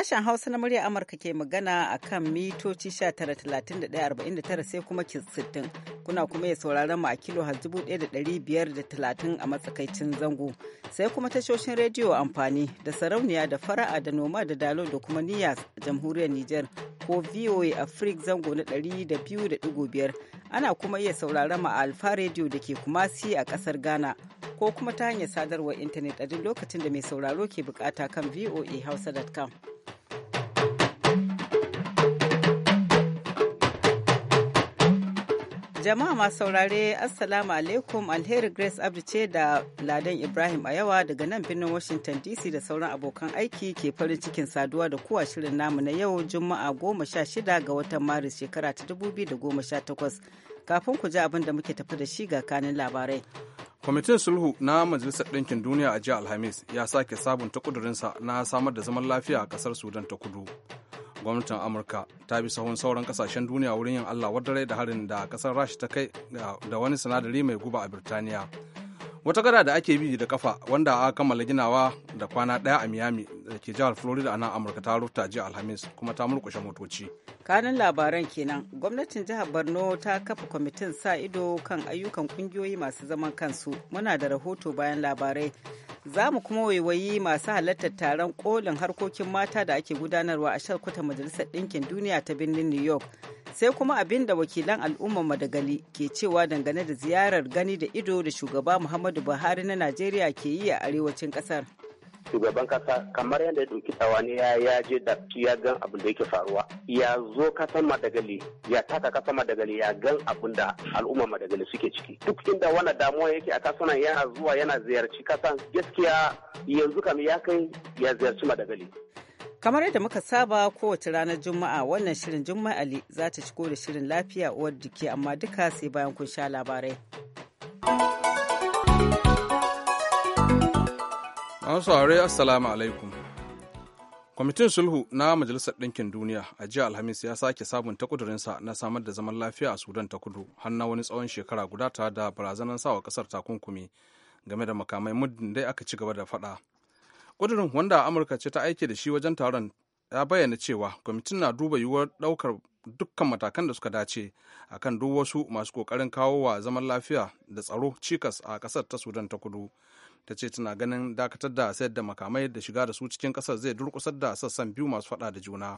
Sashen Hausa na murya Amurka ke magana a kan mitoci 19,31,49 sai kuma 60. Kuna kuma ya sauraron mu a kilo 1,530 a matsakaicin zango. Sai kuma tashoshin rediyo amfani da sarauniya da fara'a da noma da dalo da kuma niyya jamhuriyar niger ko VOA Africa zango na 200.5 ana kuma iya saurara mu a alfa radio da ke kumasi a kasar ghana ko kuma ta hanyar sadarwar intanet a duk lokacin da mai sauraro ke bukata kan voahausa.com jama'a masu saurare assalamu alaikum alheri grace abdu ce da ladan ibrahim a yawa daga nan birnin washington dc da sauran abokan aiki ke farin cikin saduwa da kuwa shirin namu na yau juma'a 16 ga watan maris shekara ta dubu kafin ku ji abin da muke tafi da shi ga kanin labarai. kwamitin sulhu na majalisar ɗinkin duniya a jiya alhamis ya sake sabunta ƙudurinsa na samar da zaman lafiya a ƙasar sudan ta kudu gwamnatin amurka ta bi sahun sauran ƙasashen duniya wurin yin allah wadare da harin da ƙasar rasha ta kai da wani sinadari mai guba a birtaniya wata gada da ake bi da kafa wanda a kammala ginawa da kwana ɗaya a miami da ke jihar florida a nan amurka ta rufta jiya alhamis kuma ta murkushe motoci kanin labaran kenan gwamnatin jihar borno ta kafa kwamitin sa ido kan ayyukan kungiyoyi masu zaman kansu muna da rahoto bayan labarai za mu kuma waiwayi masu halartar taron kolin harkokin mata da ake gudanarwa a sharkutan majalisar ɗinkin duniya ta birnin new york sai kuma abin da wakilan al'ummar madagali ke cewa dangane da ziyarar gani da ido da shugaba muhammadu buhari na najeriya ke yi a arewacin ƙasar shugaban kasa kamar yadda ya ɗauki tsawaniya ya je da ya gan abin da yake faruwa ya zo kasan madagali ya taka kasa madagali ya gan abin da al'umma madagali suke ciki duk inda wani damuwa yake a kasuwan yana zuwa yana ziyarci kasan gaskiya yanzu kam ya kai ya ziyarci madagali kamar yadda muka saba kowace ranar juma'a wannan shirin juma'a ali za ta shigo da shirin lafiya uwar jiki amma duka sai bayan kun sha labarai masu assalamu alaikum kwamitin sulhu na majalisar ɗinkin duniya a jiya alhamis ya sake sabunta ƙudurinsa na samar da zaman lafiya a sudan ta kudu har na wani tsawon shekara guda ta da barazanar sawa kasar takunkumi game da makamai muddin dai aka ci gaba da faɗa ƙudurin wanda amurka ce ta aike da shi wajen taron ya bayyana cewa kwamitin na duba yiwuwar ɗaukar dukkan matakan da suka dace akan duk wasu masu ƙoƙarin kawo wa zaman lafiya da tsaro cikas a ƙasar ta sudan ta kudu ta ce tana ganin dakatar da sayar da makamai da shiga da su cikin kasar zai durkusar da sassan biyu masu fada da juna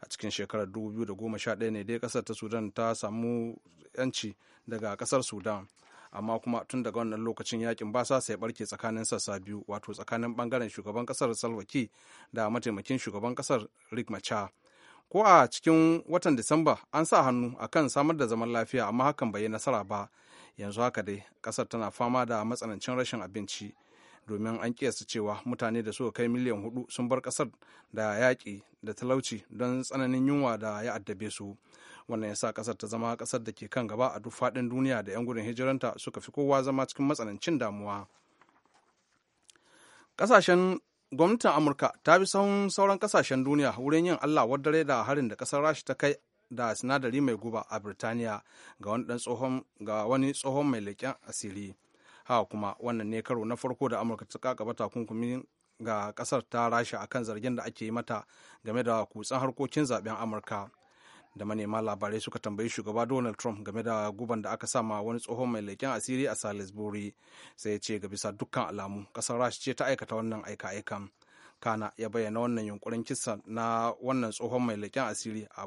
a cikin shekarar 2011 ne dai kasar ta sudan ta samu yanci daga kasar sudan amma kuma tun daga wannan lokacin yakin ba sa sai barke tsakanin sassa biyu wato tsakanin bangaren shugaban kasar salwaki da mataimakin shugaban kasar rick machar ko a cikin watan disamba an sa hannu akan samar da zaman lafiya amma hakan bai yi nasara ba yanzu haka dai kasar tana fama da matsanancin rashin abinci domin an kiyasta cewa mutane da suka kai miliyan hudu sun bar kasar da yaƙi da talauci don tsananin yunwa da ya addabe su wannan ya sa kasar ta zama kasar da ke kan gaba a duk faɗin duniya da 'yan gudun hijiranta suka fi kowa zama cikin matsanancin damuwa ƙasashen gwamnatin amurka ta bi sauran kasashen duniya wurin yin allah dare da harin da kasar rashi ta kai da sinadari mai guba a Birtaniya ga wani tsohon mai leƙen asiri. ha kuma wannan ne karo na farko da Amurka ta kakaba takunkumi ga kasar ta rasha akan zargin da ake yi mata game da kutsan harkokin zaben amurka da manema labarai suka tambayi shugaba donald trump game da guban da aka sama wani tsohon mai leƙen asiri a salisbury sai ya ce ga bisa dukkan alamu kasar rasha ce ta aikata wannan aika-aikan kana ya bayyana wannan yunkurin kisa na wannan tsohon mai leƙen asiri a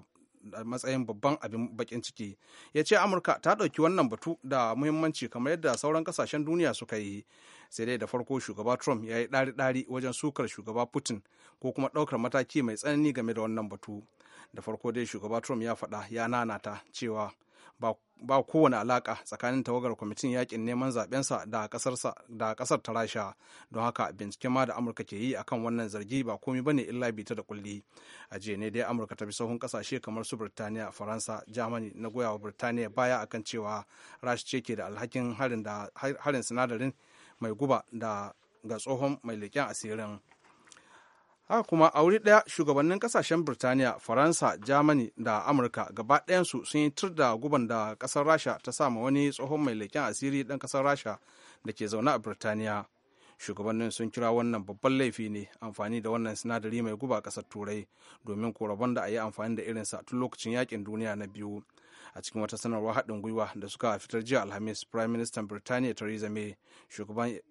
matsayin babban abin bakin ciki ya ce amurka ta ɗauki wannan batu da muhimmanci kamar yadda sauran kasashen duniya suka yi sai dai da farko shugaba trump ya yi ɗari-ɗari wajen sukar shugaba putin ko kuma ɗaukar mataki mai tsanani game da wannan batu da farko dai shugaba trump ya faɗa ya nanata cewa ba kowane alaka tsakanin tawagar kwamitin yakin neman zaɓensa da ƙasar ta rasha don haka bincike ma da amurka ke yi akan wannan zargi ba komi ba ne illa bita da kulli a jiya ne dai amurka ta bi sahun ƙasashe kamar su birtaniya faransa germany na goya wa birtaniya baya akan cewa rasha ce ke da alhakin harin sinadarin mai guba da ga tsohon mai leƙen asirin haka kuma a wuri ɗaya shugabannin kasashen birtaniya faransa germany da amurka gaba ɗayansu sun yi tur da guban da ƙasar rasha ta sama wani tsohon mai leƙen asiri ɗan ƙasar rasha da ke zaune a birtaniya shugabannin sun kira wannan babban laifi ne amfani da wannan sinadari mai guba ƙasar turai domin koraban da a yi amfani da irinsa tun lokacin yakin duniya na biyu a cikin wata sanarwa haɗin gwiwa da suka fitar jiya alhamis prime minister birtaniya theresa may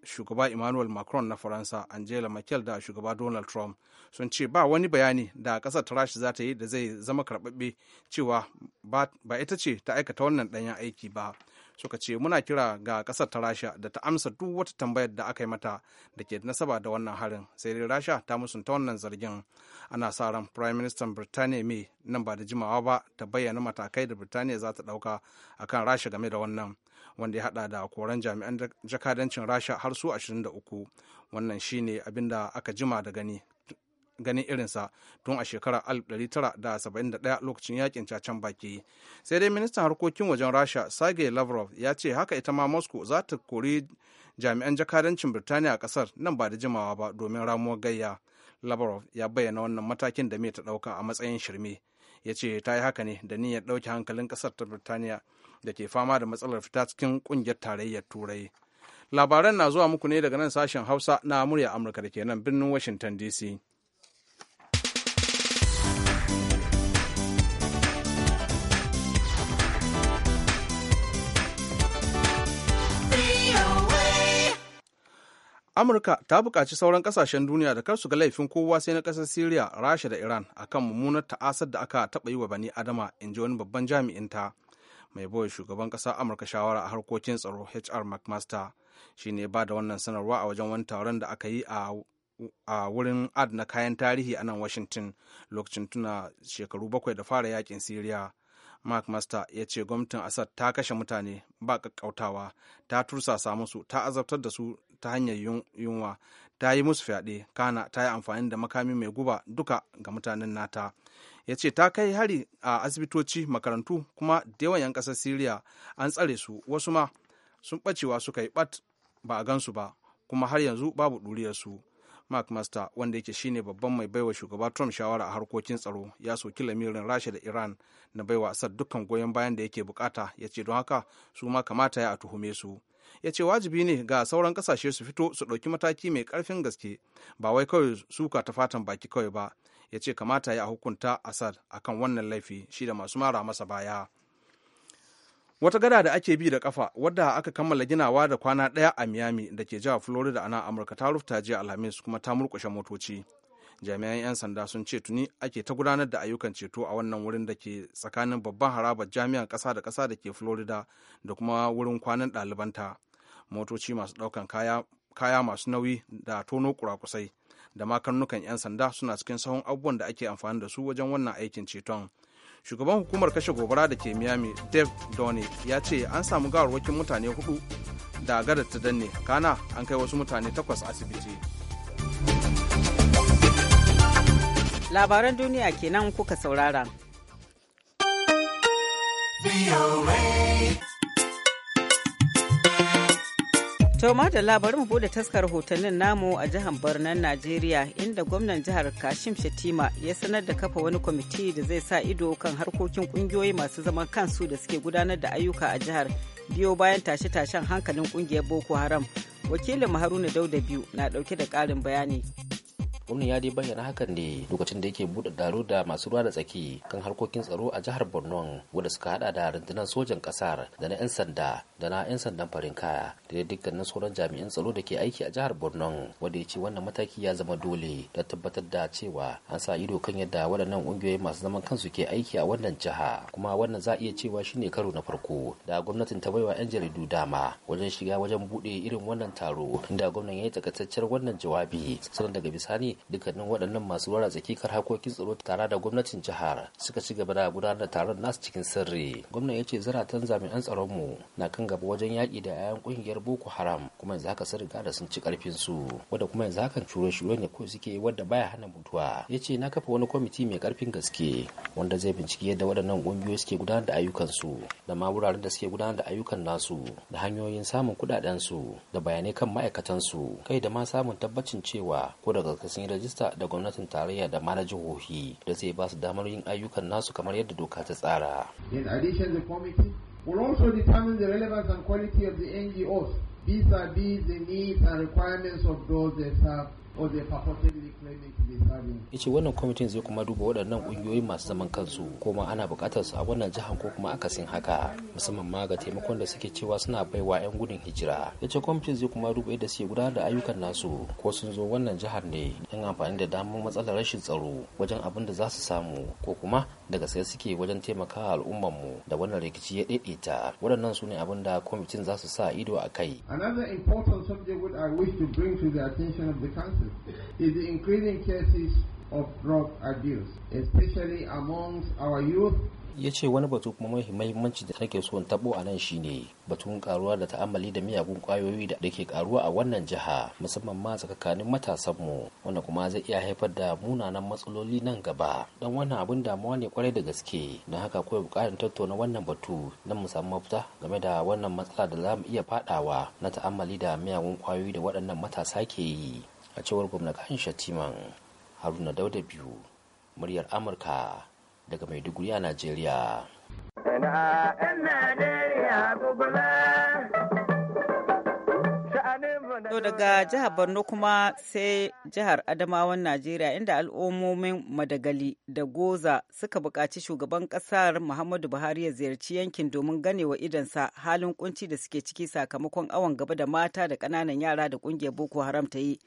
shugaba emmanuel macron na faransa angela merkel da shugaba donald trump sun ce ba wani bayani da ƙasar ta rashi za ta yi da zai zama karɓaɓɓe cewa ba ita ce ta aikata wannan ɗanyen aiki ba suka ce muna kira ga kasar ta rasha da ta amsa duk wata tambayar da aka yi mata da ke nasaba da wannan harin sai dai rasha ta musunta wannan zargin ana sa ran prime minister birtaniya mai nan ba da jimawa ba ta bayyana matakai da birtaniya za ta ɗauka kan rasha game da wannan wanda ya hada da koran jami'an jakadancin rasha har su 23 wannan shine abin da aka jima da gani ganin irinsa tun a shekarar 1971 lokacin yakin cacen baki sai dai ministan harkokin wajen rasha sergei lavrov ya ce haka ita ma moscow za ta kori jami'an jakadancin birtaniya a kasar nan ba da jimawa ba domin ramuwar gayya lavrov ya bayyana wannan matakin da mai ta ɗauka a matsayin shirme ya ce ta yi haka ne da niyyar ɗauke hankalin ƙasar ta birtaniya da ke fama da matsalar fita cikin ƙungiyar tarayyar turai labaran na zuwa muku ne daga nan sashen hausa na murya amurka da ke nan birnin washington dc amurka ta buƙaci sauran ƙasashen duniya da kar su ga laifin kowa sai na ƙasar syria rasha da iran akan mummunar ta'asar da aka taɓa yi wa bani adama in ji wani babban jami'inta mai boye shugaban ƙasar amurka shawara a harkokin tsaro hr mcmaster shi ne ba da wannan sanarwa a wajen wani taron da aka yi a a wurin ad na kayan tarihi a nan washington lokacin tuna shekaru bakwai da fara yakin syria mark master ya ce gwamnatin asad ta kashe mutane ba kakkautawa ta tursasa musu ta azabtar da su ta hanyar yunwa ta yi musu fyaɗe kana ta yi amfani da makami mai guba duka ga mutanen nata ya ce ta kai hari a asibitoci makarantu kuma da yawan 'yan ƙasar siriya an tsare su wasu ma sun ɓacewa suka yi ɓat ba a gansu ba kuma har yanzu babu ɗuriyarsu mark master wanda yake shine babban mai baiwa shugaba trump shawara a harkokin tsaro ya soki lamirin rasha da iran na baiwa asad dukkan goyon bayan da yake bukata ya ce don haka su ma kamata ya tuhume su ya ce wajibi ne ga sauran kasashe su fito su ɗauki mataki mai ƙarfin gaske ba wai kawai suka ta fatan baki kawai ba ya ce kamata ya hukunta asad akan wannan laifi shi da masu mara masa baya wata gada da ake bi da kafa wadda aka kammala ginawa da kwana ɗaya a miami da ke jihar florida a nan amurka ta rufta jiya alhamis kuma ta murkushe motoci jami'an 'yan sanda sun ce tuni ake ta gudanar da ayyukan ceto a wannan wurin da ke tsakanin babban harabar jami'an kasa da kasa da ke florida da kuma wurin kwanan ɗalibanta motoci masu ɗaukan kaya, kaya masu nauyi da tono kurakusai da ma karnukan 'yan sanda suna cikin sahun abubuwan da ake amfani da su wajen wannan aikin ceton shugaban hukumar kashe gobara da ke miami dave doni ya ce an samu gawarwakin mutane hudu da gadar ta danne kana an kai wasu mutane takwas asibiti labaran duniya kenan kuka saurara. To da labarin mu bude taskar hotonin namu a jihar Barnan Najeriya inda gwamnan jihar Kashim Shatima ya sanar da kafa wani kwamiti da zai sa ido kan harkokin kungiyoyi masu zaman kansu da suke gudanar da ayyuka a jihar biyo bayan tashe-tashen hankalin kungiyar Boko Haram. Wakilin Haruna Dauda biyu na dauke da karin bayani. Gwamnan ya dai bayyana hakan ne lokacin da yake buɗe daro da masu ruwa da tsaki kan harkokin tsaro a jihar Borno wanda suka hada da rundunar sojan ƙasar da na 'yan sanda da na 'yan sandan farin kaya da dukkanin sauran jami'an tsaro da ke aiki a jihar Borno wanda ya ce wannan mataki ya zama dole da tabbatar da cewa an sa ido kan yadda waɗannan ƙungiyoyi masu zaman kansu ke aiki a wannan jiha kuma wannan za a iya cewa shine karo na farko da gwamnatin ta baiwa 'yan jaridu dama wajen shiga wajen buɗe irin wannan taro inda gwamnan ya yi takataccen wannan jawabi sanan daga bisani dukkanin waɗannan masu wara tsakikar harkokin tsaro tare da gwamnatin jihar suka ci gaba da gudanar da taron nasu cikin sirri gwamna ya ce zaratan jami'an tsaronmu na kan gaba wajen yaki da 'ya'yan ƙungiyar boko haram kuma yanzu haka sun riga da sun ci ƙarfin su wanda kuma yanzu hakan shure-shure ne ko suke wadda baya hana mutuwa ya ce na kafa wani kwamiti mai ƙarfin gaske wanda zai binciki yadda waɗannan ƙungiyoyi suke gudanar da ayyukansu da ma wuraren da suke gudanar da ayyukan nasu da hanyoyin samun kuɗaɗensu da bayanai kan ma'aikatansu kai da ma samun tabbacin cewa ko daga kasin sun yi rajista da gwamnatin tarayya da mana jihohi da zai ba su damar yin ayyukan nasu kamar yadda doka ta tsara. In addition, the committee will also determine the relevance and quality of the NGOs vis à -vis the needs and requirements of those they serve ya ce wannan kwamitin zai kuma duba waɗannan ƙungiyoyi masu zaman kansu kuma ana buƙatar su a wannan jihar ko kuma akasin haka musamman ma ga taimakon da suke cewa suna baiwa 'yan gudun hijira ya ce kwamitin zai kuma duba yadda suke gudanar da ayyukan nasu ko sun zo wannan jihar ne yan amfani da damar matsalar rashin tsaro wajen abin da za su samu ko kuma daga sai suke wajen taimakawa mu da wannan rikici ya daidaita waɗannan su ne abin da kwamitin za su sa ido a kai. Another important subject would I wish to bring to the attention of the council is the increasing cases of drug abuse, especially amongst our youth ya ce wani batu kuma mahimmanci da nake son tabo a nan shine batun karuwa da ta'ammali da miyagun kwayoyi da ke karuwa a wannan jiha musamman ma tsakanin matasanmu wanda kuma zai iya haifar da munanan matsaloli nan gaba don wannan abin damuwa ne kwarai da gaske don haka kawai bukatar tattauna wannan batu don mu samu mafita game da wannan matsala da za mu iya fadawa na ta'ammali da miyagun kwayoyi da waɗannan matasa ke yi a cewar gwamna kan shatiman haruna dauda biyu muryar amurka daga maiduguri a najeriya To daga jihar Borno kuma sai jihar Adamawan Najeriya inda al'ummomin Madagali da Goza suka buƙaci shugaban ƙasar Muhammadu Buhari ya ziyarci yankin domin ganewa idansa halin kunci da suke ciki sakamakon awon gaba da mata da ƙananan yara da ƙungiyar Boko Haram ta yi.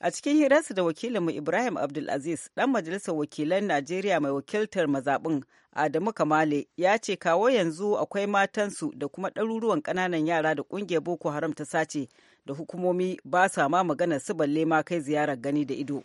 A cikin hirarsa da wakilinmu Ibrahim Abdulaziz, dan majalisar wakilan Najeriya mai wakiltar mazaɓin Adamu Kamale ya ce kawo yanzu akwai matansu da kuma ɗaruruwan ƙananan yara da ƙungiyar Boko Haram ta sace da hukumomi ba sa ma maganar su balle ma kai ziyarar gani da ido.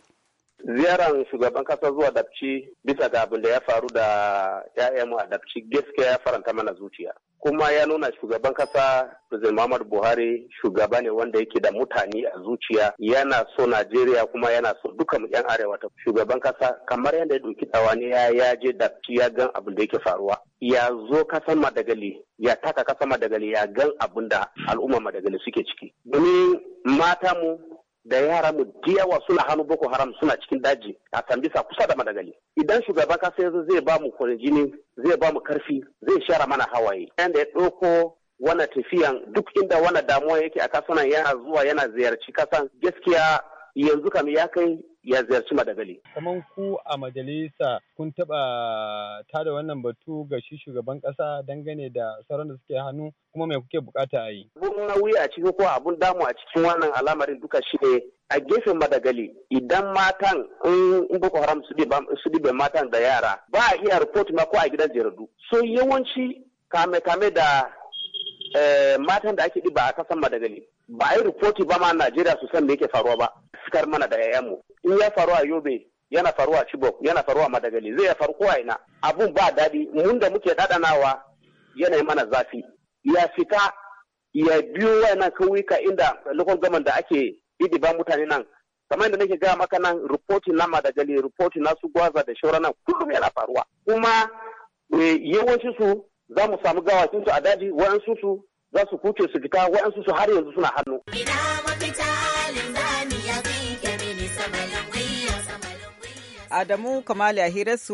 ziyarar shugaban kasa zuwa dabci bisa ga abin da ya faru da 'ya'yanmu a dabci gaskiya ya faranta mana zuciya kuma ya nuna shugaban kasa President Muhammadu Buhari shugaba ne wanda yake da mutane a zuciya yana so Najeriya kuma yana so duka yan arewa ta shugaban kasa kamar yadda ya doki ne ya yaje da ya gan abin da yake faruwa ya zo kasan Madagali ya taka kasan Madagali ya gan abin da al'umma Madagali suke ciki domin mata mu da yara mu yawa suna hannu boko haram suna cikin daji a sambisa kusa da madagali idan shugaban kasa yanzu zai ba mu kwanin zai ba mu karfi zai share mana hawaye yanda ya ɗauko wannan tafiyan duk inda wannan damuwa yake a kasanan yana zuwa yana ziyarci kasan gaskiya yanzu kam ya kai ya ziyarci madagali. kamar ku a majalisa kun taɓa tada wannan batu ga shi shugaban ƙasa dangane da sauran da suke hannu kuma mai kuke bukata a yi. Abun nauyi a cikin ko abun damu a cikin wannan al'amarin duka shi ne a gefen madagali idan matan in boko haram su dibe matan da yara ba a iya report ma ko a gidan jaradu. So yawanci kame-kame da eh, matan da ake diba a kasan madagali ba a yi rikoti ba ma Najeriya su san me yake faruwa ba sukar mana da 'ya'yan mu. in ya faruwa a Yobe yana faruwa a Chibok yana faruwa a Madagali zai ya faru kowa ina abun ba daɗi mun da muke ɗaɗanawa yanayi mana zafi ya fita ya biyo wayannan kauyuka inda lokacin gaman da ake idiba mutane nan kamar yadda nake gaya maka nan reporting na Madagali reporting na su gwaza da shauran nan kullum yana faruwa kuma eh, yawancin su za mu samu gawakin su a daji wayansu su za su kuce su fita waɗansu su har yanzu suna hannu. Adamu Kamali a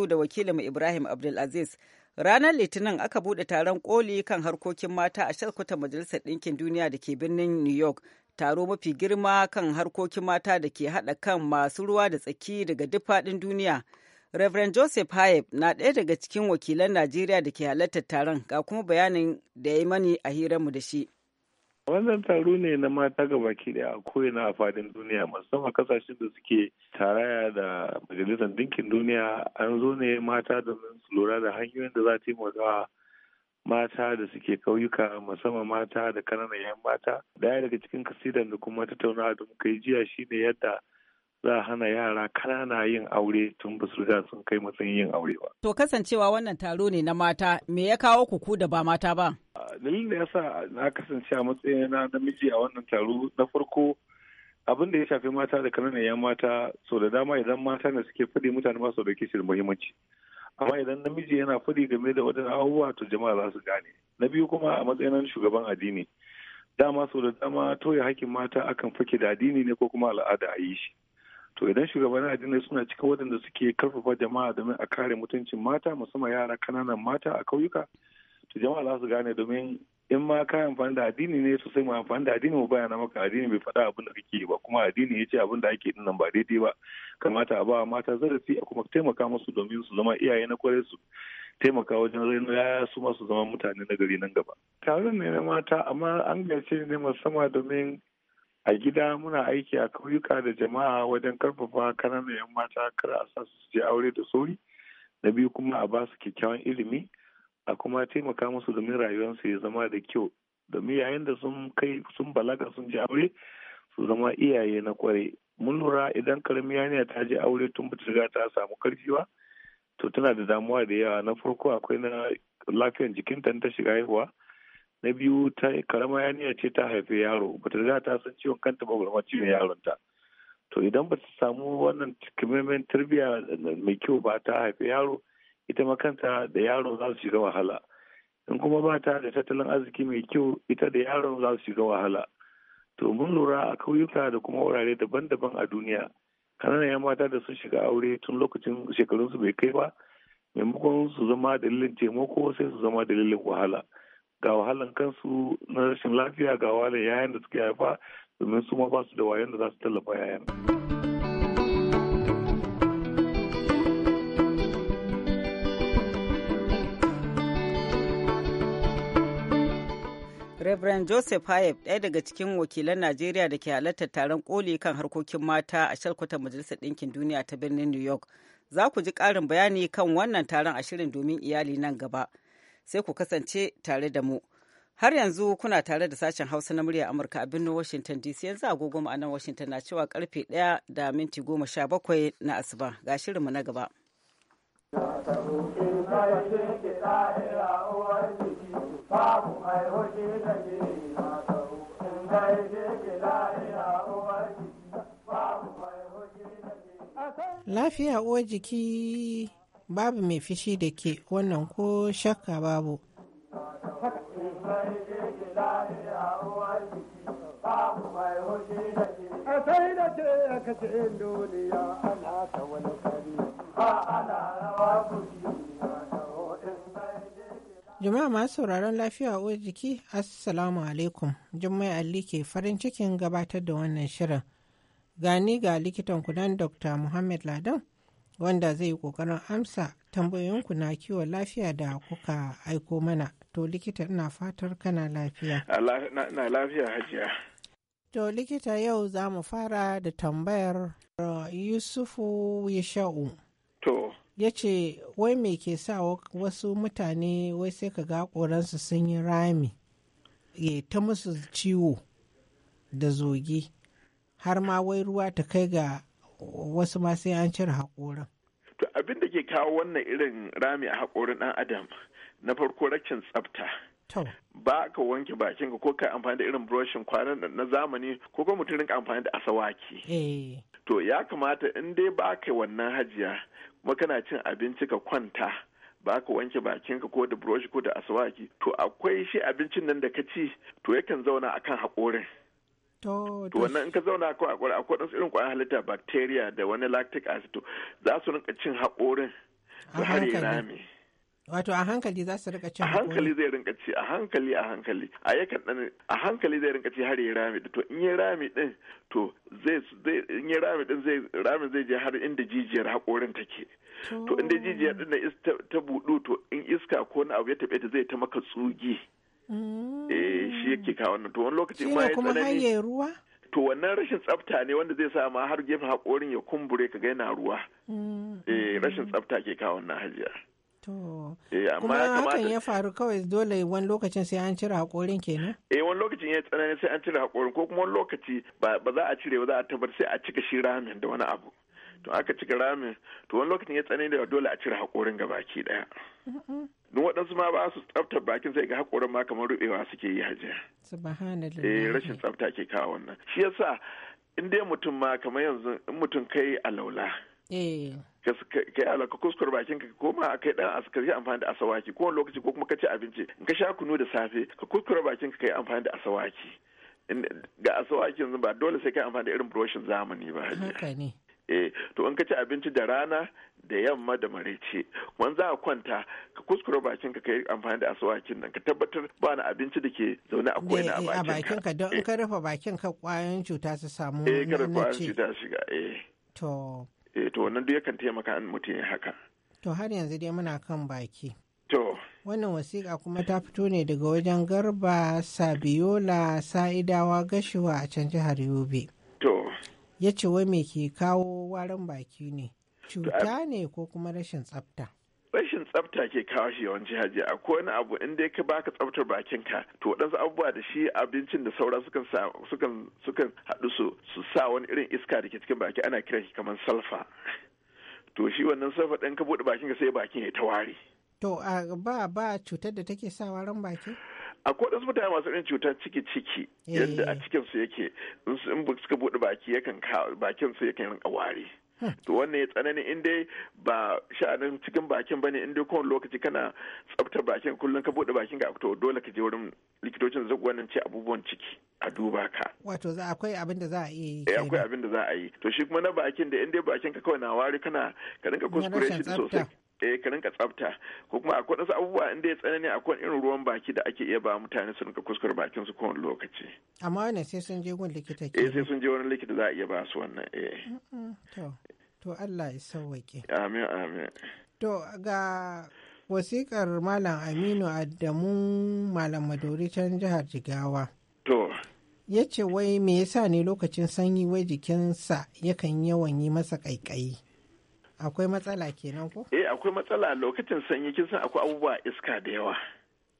da wakilinmu Ibrahim Abdulaziz. Ranar Litinin aka bude taron koli kan harkokin mata a shalkutan Majalisar Ɗinkin Duniya da ke birnin New York. Taro mafi girma kan harkokin mata da ke haɗa kan masu ruwa da tsaki daga duk faɗin duniya. Reverend Joseph Hayeb na ɗaya daga cikin wakilan Najeriya da ke halartar taron ga kuma bayanin da ya yi mani a hiranmu da shi. Wannan taro ne na mata ga baki daya a ko'ina a fadin duniya musamman kasashen da suke taraya da majalisar dinkin duniya an zo ne mata da su lura da hanyoyin da za ta taimaka mata da suke kauyuka musamman mata da kananan 'yan mata. Ɗaya daga cikin kasidan da kuma tattaunawa da muka yi jiya shine yadda za a hana yara kanana yin aure tun ba su riga sun kai matsayin yin aure ba. To kasancewa wannan taro ne na mata, me ya kawo kuku da ba mata ba? Dalilin da ya sa na kasance a matsayin namiji a wannan taro na farko abin da ya shafi mata da kananan yan mata so da dama idan mata ne suke faɗi mutane ba su da kishin muhimmanci. Amma idan namiji yana faɗi game da waɗannan abubuwa to jama'a za su gane. Na biyu kuma a matsayin shugaban addini. Dama so da dama toye hakkin mata akan fake da addini ne ko kuma al'ada a yi shi. to idan shugabannin addinai suna cika waɗanda suke karfafa jama'a domin a kare mutuncin mata musamman yara kananan mata a kauyuka to jama'a za su gane domin in ma ka amfani da addini ne sosai mu amfani da addini mu bayyana maka addini bai faɗa abin da kake ba kuma addini ya ce abin da ake dinnan ba daidai ba kamata a ba mata zarafi a kuma taimaka musu domin su zama iyaye na kware su taimaka wajen raino ya su masu zama mutane na gari nan gaba taron ne na mata amma an gace ne musamman domin a gida muna aiki a kauyuka da jama'a wajen karfafa ƙananan 'yan mata kar a sa su je aure da sauri na biyu kuma a ba su kyakkyawan ilimi a kuma taimaka musu domin rayuwarsu ya zama da kyau domin yayin da sun kai sun balaga sun je aure su zama iyaye na kware mun lura idan karamiya ne ta je aure tun bata ta samu karfiwa to tana da damuwa da yawa na farko akwai na lafiyar jikinta ta shiga haihuwa na biyu ta karama yarinya ce ta haifi yaro ba ta riga ta san ciwon kanta ba kuma ciwon yaron ta to idan ba ta samu wannan kimaimin tarbiyya mai kyau ba ta haifi yaro ita ma kanta da yaron za su shiga wahala in kuma ba ta da tattalin arziki mai kyau ita da yaron za su shiga wahala to mun lura a kauyuka da kuma wurare daban-daban a duniya kananan yan mata da sun shiga aure tun lokacin shekarunsu bai kai ba maimakon su zama dalilin taimako sai su zama dalilin wahala ga wahalan kansu na rashin lafiya ga wale yayan da suke haifa domin su ma ba su da wayan da za su tallafa yayan. Reverend Joseph hayef ɗaya daga cikin wakilan Najeriya da ke halartar taron koli kan harkokin mata a shalkwatar Majalisar Ɗinkin Duniya ta birnin New York. Za ku ji ƙarin bayani kan wannan taron a shirin domin iyali nan gaba. sai ku kasance tare da mu. Har yanzu kuna tare da sashen Hausa na murya Amurka a birnin Washington DC yanzu agogo ma'anar Washington na cewa karfe 1 da minti goma sha bakwai na asuba ga shirinmu na gaba. Lafiya uwar jiki babu mai fishi da ke wannan ko shakka babu Jama'a masu sauraron lafiya a jiki, Assalamu alaikum. Jummai Ali ke farin cikin gabatar da wannan shirin. Gani ga likitan kudan Dr. Muhammad Ladan wanda zai yi ƙoƙarin amsa tambayoyinku na kiwon lafiya da kuka aiko mana. To likita ina fatar kana lafiya. Na lafiya hajiya. To likita yau za mu fara da tambayar uh, Yusufu Yasha'u. To. Ya ce, wai me ke sa wasu mutane wai sai ka ga ƙoransu sun yi rami, ya ta musu ciwo da zogi, har ma wai ruwa ta kai ga wasu ma sai an cire haƙorin. To abin da ke kawo wannan irin rami a haƙorin ɗan adam na farko rakin tsafta. Ba ka wanke bakin ko ka amfani da irin buroshin kwanan na zamani ko kuma mutum rinka amfani da asawaki. Eh. To ya kamata in dai ba ka wannan hajiya kuma kana cin abinci ka kwanta ba ka wanke bakinka ko da buroshi ko da asawaki to akwai shi abincin nan da ka ci to yakan zauna akan haƙorin. To wannan in ka zauna ko akwai akwai dan irin kwayar halitta bacteria da wani lactic acid to za su rinka cin haƙorin su har ya rami. Wato a hankali za su rinka cin A hankali zai rinka ci a hankali a hankali a yakan ɗani a hankali zai rinka ci har ya rami to in yi rami ɗin to zai in ya rami ɗin zai rami zai je har inda jijiyar haƙorin take. To inda jijiyar ɗin iska ta buɗu to in iska ko na abu ya taɓe ta zai ta maka tsugi. eh shi yake kawo wannan to wani lokaci ma ya tsanani ruwa to wannan rashin tsafta ne wanda zai sa ma har gefen haƙorin ya kumbure ka ga yana ruwa mm-hmm. eh rashin tsafta ke kawo wannan hajiya eh, kuma hakan ya faru kawai dole wani lokacin sai an cire haƙorin kenan eh wani lokacin ya tsanani sai an cire haƙorin ko kuma wani lokaci ba za a cire ba za a tabbatar sai a cika shi ramin da wani abu to aka ci ramin to wani lokacin ya tsanani da dole a cire haƙorin ga baki ɗaya don waɗansu ma ba su tsaftar bakin sai ga haƙorin ma kamar rubewa suke yi hajiya subhanallah eh rashin tsafta ke kawo wannan shi yasa in dai mutum ma kamar yanzu in mutum kai eh. alaula ka yi alaka kuskure bakin ka koma kai dan askar yi amfani da asawaki Ko wani lokaci ko kuma ka ci abinci in ka sha kunu da safe ka kuskure bakin ka yi amfani da asawaki ga asawaki yanzu ba dole sai ka amfani da irin broshin zamani ba haka ne eh to in ka ci abinci da rana da yamma da maraice wani za a kwanta ka kuskure bakin ka kai amfani da asuwakin nan ka tabbatar ba na abinci da ke zaune a kowane a bakin ka don eh. ka rufe bakin ka kwayoyin cuta su samu eh rufe cuta shiga eh. to eh to wannan duk yakan taimaka an mutum ya haka to har yanzu dai muna kan baki to wannan wasiƙa kuma ta fito ne daga wajen garba sabiola sa'idawa gashuwa a can jihar yobe ya ce wai me ke kawo warin baki ne cuta ne ko kuma rashin tsafta rashin tsafta ke kawo shi yawanci haji akwai wani abu in dai ka baka tsaftar bakin ka to waɗansu abubuwa da shi abincin da sauran sukan haɗu su su sa wani irin iska da ke cikin baki ana kiran shi kamar salfa to shi wannan salfa ɗin ka buɗe bakin ka sai bakin ya ta ware to ba ba cutar da take sa warin baki akwai wasu mutane masu irin cutar ciki ciki yadda a eh. cikin su yake in su in suka bude baki yakan bakin su yakan rinka wari hmm. to wannan ya tsanani in dai ba sha'anin cikin bakin bane in dai kowane lokaci kana tsabtar bakin kullum ka bude bakin ka to dole ka je wurin likitocin zai wannan ce abubuwan ciki a duba ka wato za akwai abin da za a yi eh akwai abin da za a yi to shi kuma na bakin da in dai bakin ka kawai na wari kana ka rinka kuskure shi sosai eh ka rinka tsafta ko kuma akwai wasu abubuwa in dai tsanani akwai irin ruwan baki da ake iya ba mutane su rinka kuskure bakin su kowane lokaci amma wannan sai sun je gun likita eh sai sun je wani likita za a iya ba su wannan eh to to Allah ya sauwake amin amin to ga wasikar malam Aminu Adamu malam Madori can jihar Jigawa to ya ce wai me yasa ne lokacin sanyi wai jikinsa yakan yawan yi masa ƙaiƙayi akwai matsala kenan ko eh akwai matsala lokacin sanyi kin san akwai abubuwa iska da yawa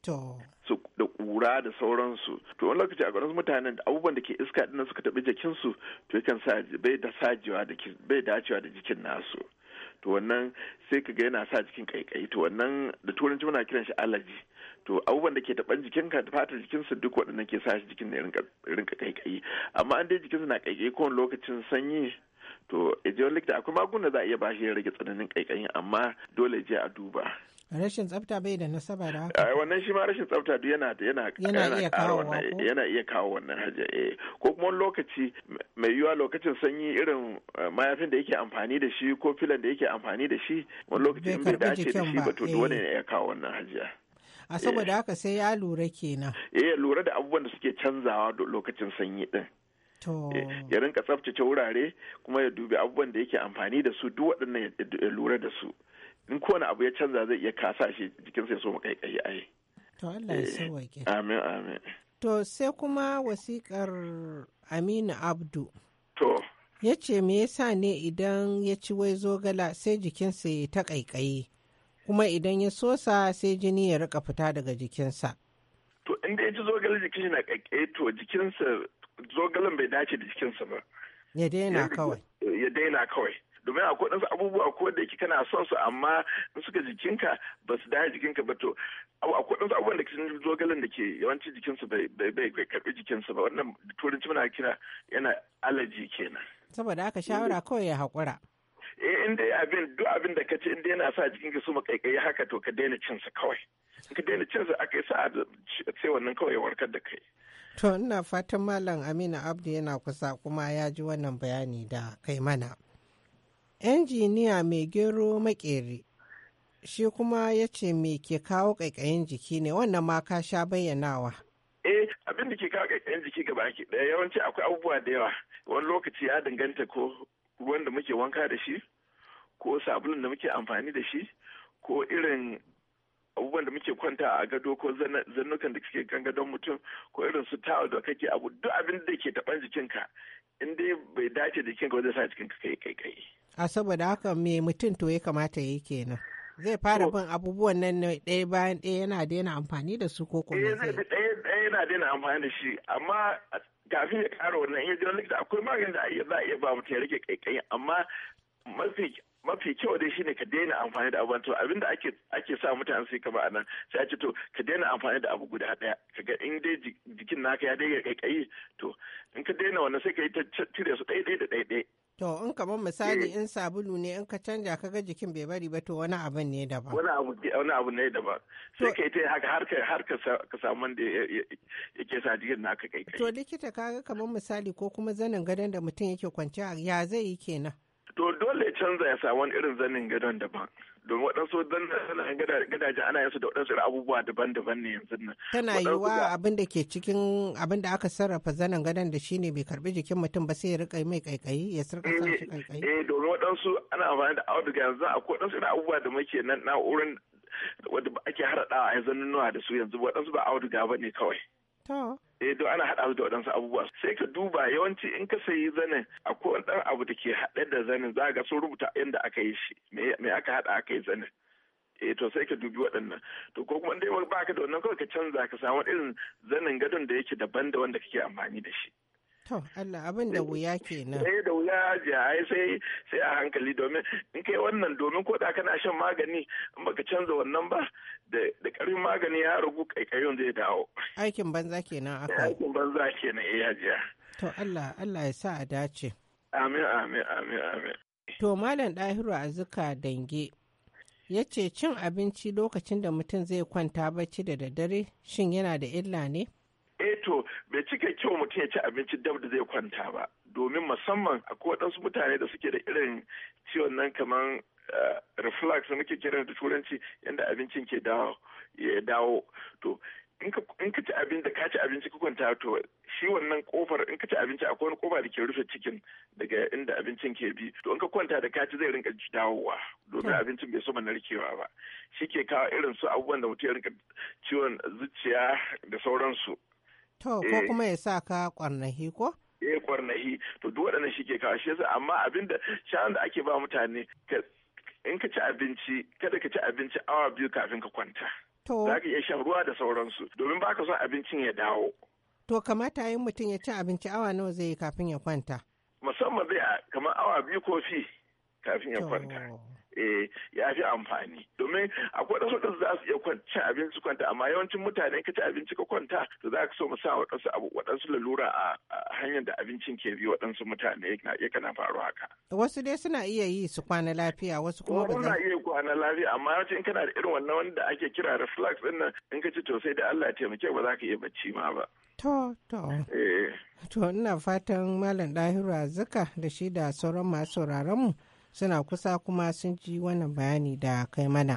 to su da kura da sauransu to wani lokaci a garin mutanen da abubuwan da ke iska dinnan suka tabi jikinsu to yakan sa bai da sajewa da bai dacewa da jikin nasu to wannan sai ka ga yana sa jikin kaikai to wannan da turanci muna kiran shi allergy to abubuwan da ke taban jikinka da fatar su duk waɗannan ke sa shi jikin ne rinka kaikai. amma an dai jikinsu na kaikai kowane lokacin sanyi to ijiyar eh, likita akwai magunguna za a iya bashi ya rage tsananin kaikayi amma dole je a duba rashin tsafta bai da nasaba da haka eh, wannan shi ma rashin tsafta duk yana yana yana iya kawo wannan yana iya kawo wannan haja eh ko kuma lokaci mai yiwa lokacin sanyi irin eh, mayafin da yake amfani da shi ko filan da yake amfani da shi wani lokaci in bai dace da shi ba to dole ne ya kawo wannan hajiya a saboda haka sai ya lura kenan eh lura da abubuwan da suke canzawa lokacin sanyi din Eh, ya rinka tsaftace wurare kuma ya dubi abubuwan da yake amfani da su duk waɗannan ya lura da su in kowane abu ya canza zai iya kasa shi jikin ya so mu ai to Allah ya eh, sauwaƙe amin amin to sai kuma wasikar Aminu Abdu to ya ce me yasa ne idan ya ci wai zogala sai sa ya ta kaikayi kuma idan ya sosa sai jini ya rika fita daga jikinsa to inda ya ci zogala jikin na kaikayi to jikinsa zogalin bai dace da jikinsa ba ya daina kawai ya daina kawai domin akwai ɗansu abubuwa ko da yake kana son su amma in suka jikinka ba su daya jikinka ba to akwai ɗansu abubuwan da sun zogalin da ke yawanci jikinsu bai karɓi jikinsu ba wannan turanci muna kira yana alaji kenan. saboda haka shawara mm. kawai ya haƙura. eh in dai abin duk abin da ka ce in dai yana sa jikinka su maƙaiƙayi haka to ka daina cinsa kawai. in ka daina cinsa aka yi sa'a sai wannan kawai ya warkar da kai. To ina fatan Malam Aminu Abdu yana kusa kuma ya ji wannan bayani da kai mana. Injiniya mai gero makeri shi kuma ya ce me ke kawo ƙaiƙayin jiki ne wannan ma ka sha bayyanawa. Eh abin da ke kawo ƙaiƙayin jiki gaba ke ɗaya yawanci akwai abubuwa da yawa wani lokaci ya danganta ko ruwan da muke wanka da shi ko sabulun da muke amfani da shi ko irin abubuwan da muke kwanta a gado ko zannukan da suke kan gadon mutum ko irin su tawul da kake abu duk abin da ke taban jikinka in dai bai dace jikinka ba zai sa jikinka kai kai kai a saboda haka me mutum to ya kamata ya yi kenan zai fara bin abubuwan nan ne ɗaya bayan ɗaya yana daina amfani da su ko kuma eh zai ɗaya ɗaya yana daina amfani da shi amma kafin ya ƙara wannan in ya ji wani akwai maganin da za a iya ba mutum ya rage kai-kai amma mafi mafi kyau dai shine ka daina amfani da abubuwan to abinda ake ake sa mutane su kamar anan sai a ce to ka daina amfani da abu guda daya kaga in dai jikin naka ya daina kaikayi to in ka daina wannan sai ka yi ta cire su daidai da daidai. To in kamar misali eh. in sabulu ne in ka canja ka ga jikin bai bari ba to wani abu ne daban. Wani abu wani abu ne daban. Sai kai ta haka har har ka samu wanda yake sa jikin naka kai. To likita kaga kamar misali ko kuma zanin gadon da mutum yake kwanciya ya zai yi kenan. to dole canza ya sa wani irin zanin gadon daban don waɗansu zanen gadaje ana yin su da waɗansu abubuwa daban-daban ne yanzu nan. Tana yi abin da ke cikin abin da aka sarrafa zanen gadon da shine bai karbi jikin mutum ba sai ya rika mai kaikayi ya sarka sa mm, shi kaikayi. Eh domin waɗansu ana amfani da auduga yanzu akwai waɗansu abubuwa da muke nan na'urar wadda ake haradawa a yanzu nuna da su yanzu waɗansu ba auduga ba ne kawai. To. eh don ana haɗa su da waɗansu abubuwa sai ka duba yawanci in ka sayi zanin akwai wani ɗan abu da ke haɗe da zanin za ga sun rubuta yadda aka yi shi me aka haɗa aka yi zanin eh to sai ka dubi waɗannan to ko kuma dai baka da wannan kawai ka canza ka samu irin zanin gadon da yake daban da wanda kake amfani da shi To, Allah abin da wuya kenan. Sai eh, da wuya ji ai sai sai a hankali domin in kai wannan domin ko da kana shan magani in baka canza wannan ba da karin magani ya rugu kaikayon zai dawo. Aikin banza kenan aka. Aikin banza kenan eh To Allah Allah ya sa a dace. Amin amin amin amin. To Malam Dahiru Azuka Dange ya ce cin abinci lokacin da mutum zai kwanta bacci da daddare shin yana da illa ne? to bai cika kyau mutum ya ci abinci dab da zai kwanta ba domin musamman akwai waɗansu mutane da suke da irin ciwon nan kamar eh, reflux da muke kiran da turanci yadda abincin ke dawo ya dawo to in ka ci abinci da ka ci abinci ka kwanta to shi wannan kofar in ka ci abinci akwai wani kofa da ke rufe cikin daga inda abincin ke bi to in ka kwanta da ka ci zai rinka dawowa domin hmm. abincin bai soma narkewa ba shi ke kawo irin su abubuwan da mutum ya rinka ciwon zuciya da sauransu To, ko eh. kuma ya sa ka kwarnahi ko? Eh kwarnahi, to duk waɗannan shi ke kawo shi yasa amma abin da shan da ake ba mutane in ka ci abinci kada ka ci abinci awa biyu kafin ka kwanta. To. Za ka iya shan ruwa da sauransu domin ba ka son abincin ya dawo. To kamata yin mutum ya ci abinci awa nawa zai yi kafin ya kwanta. Musamman zai kamar awa biyu kofi kafin ya kwanta. Eh, ya fi amfani domin akwai wasu wadansu za su iya cin abinci kwanta amma yawancin mutane ka ci abinci ka kwanta to za ka so mu sa wadansu abu wadansu lalura a hanyar da abincin ke bi wadansu mutane kana faru haka wasu dai suna iya yi su kwana lafiya wasu kuma ba za iya kwana lafiya amma yawanci in kana da irin wannan wanda ake kira reflux din nan in ka ci to sai da Allah ya taimake ba za ka iya bacci ma ba To, to. Eh. To, ina fatan Malam Dahiru Azuka da shi da sauran masu mu suna kusa kuma sun ji wannan bayani da kai mana.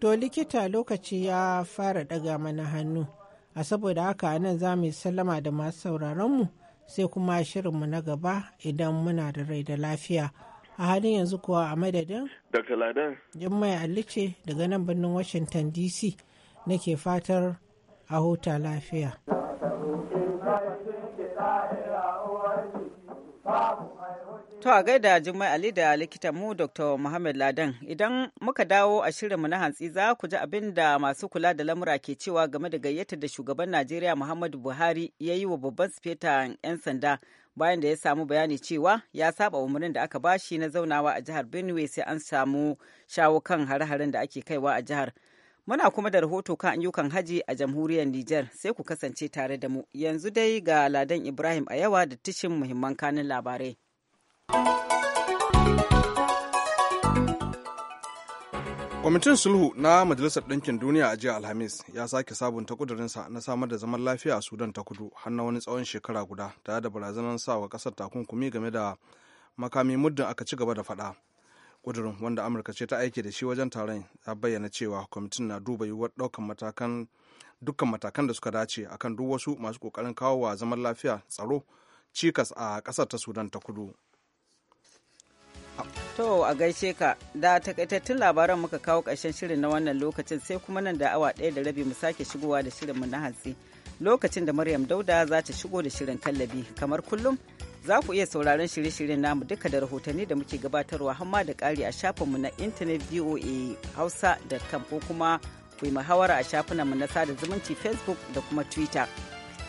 To likita lokaci ya fara ɗaga mana hannu, a saboda haka nan za mu sallama da masu sauraronmu sai kuma shirinmu na gaba idan muna da rai da lafiya. A halin yanzu kuwa a madadin? Dr. Ladan. Jummai Alice daga nan birnin Washington DC nake fatar a huta lafiya. To a gaida Jummai Ali da likitan mu Dr. Muhammad Ladan idan muka dawo a shirinmu na hantsi za ku ji abin da masu kula da lamura ke cewa game da gayyatar da shugaban Najeriya Muhammadu Buhari ya yi wa babban sifeta 'yan sanda bayan da ya samu bayani cewa ya saba umarnin da aka bashi na zaunawa a jihar Benue sai an samu shawo kan hare-haren da ake kaiwa a jihar. Muna kuma da rahoto kan ayyukan haji a jamhuriyar Nijar sai ku kasance tare da mu. Yanzu dai ga Ladan Ibrahim a yawa da tishin muhimman kanin labarai. kwamitin sulhu na majalisar ɗinkin duniya a jiya alhamis ya sake sabunta kudurinsa na samar da zaman lafiya a sudan ta kudu har na wani tsawon shekara guda tare da barazanar sa wa ƙasar takunkumi game da makami muddin aka ci gaba da faɗa ƙudurin wanda amurka ce ta aiki da shi wajen taron ya bayyana cewa kwamitin na duba yiwuwar ɗaukan matakan dukkan matakan da suka dace akan duk wasu masu ƙoƙarin kawo wa zaman lafiya tsaro cikas a ƙasar ta sudan ta kudu To a gaishe ka da takaitattun labaran muka kawo ƙarshen shirin na wannan lokacin sai kuma nan da awa ɗaya da rabi mu sake shigowa da shirin mu na hantsi lokacin da Maryam Dauda za ta shigo da shirin kallabi kamar kullum za ku iya sauraron shirye-shiryen namu duka da rahotanni da muke gabatarwa hamma da ƙari a shafin mu na intanet voa hausa.com ko kuma ku yi muhawara a mu na sada zumunci facebook da kuma twitter.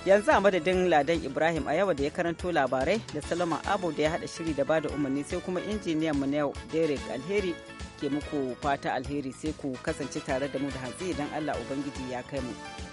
yanzu a madadin ladan ibrahim a yawa da ya karanto labarai da salama abu da ya hada shiri da bada umarni sai kuma injiniyan mu yau derek alheri ke muku fata alheri sai ku kasance tare da mu da hantsi idan allah ubangiji ya kai mu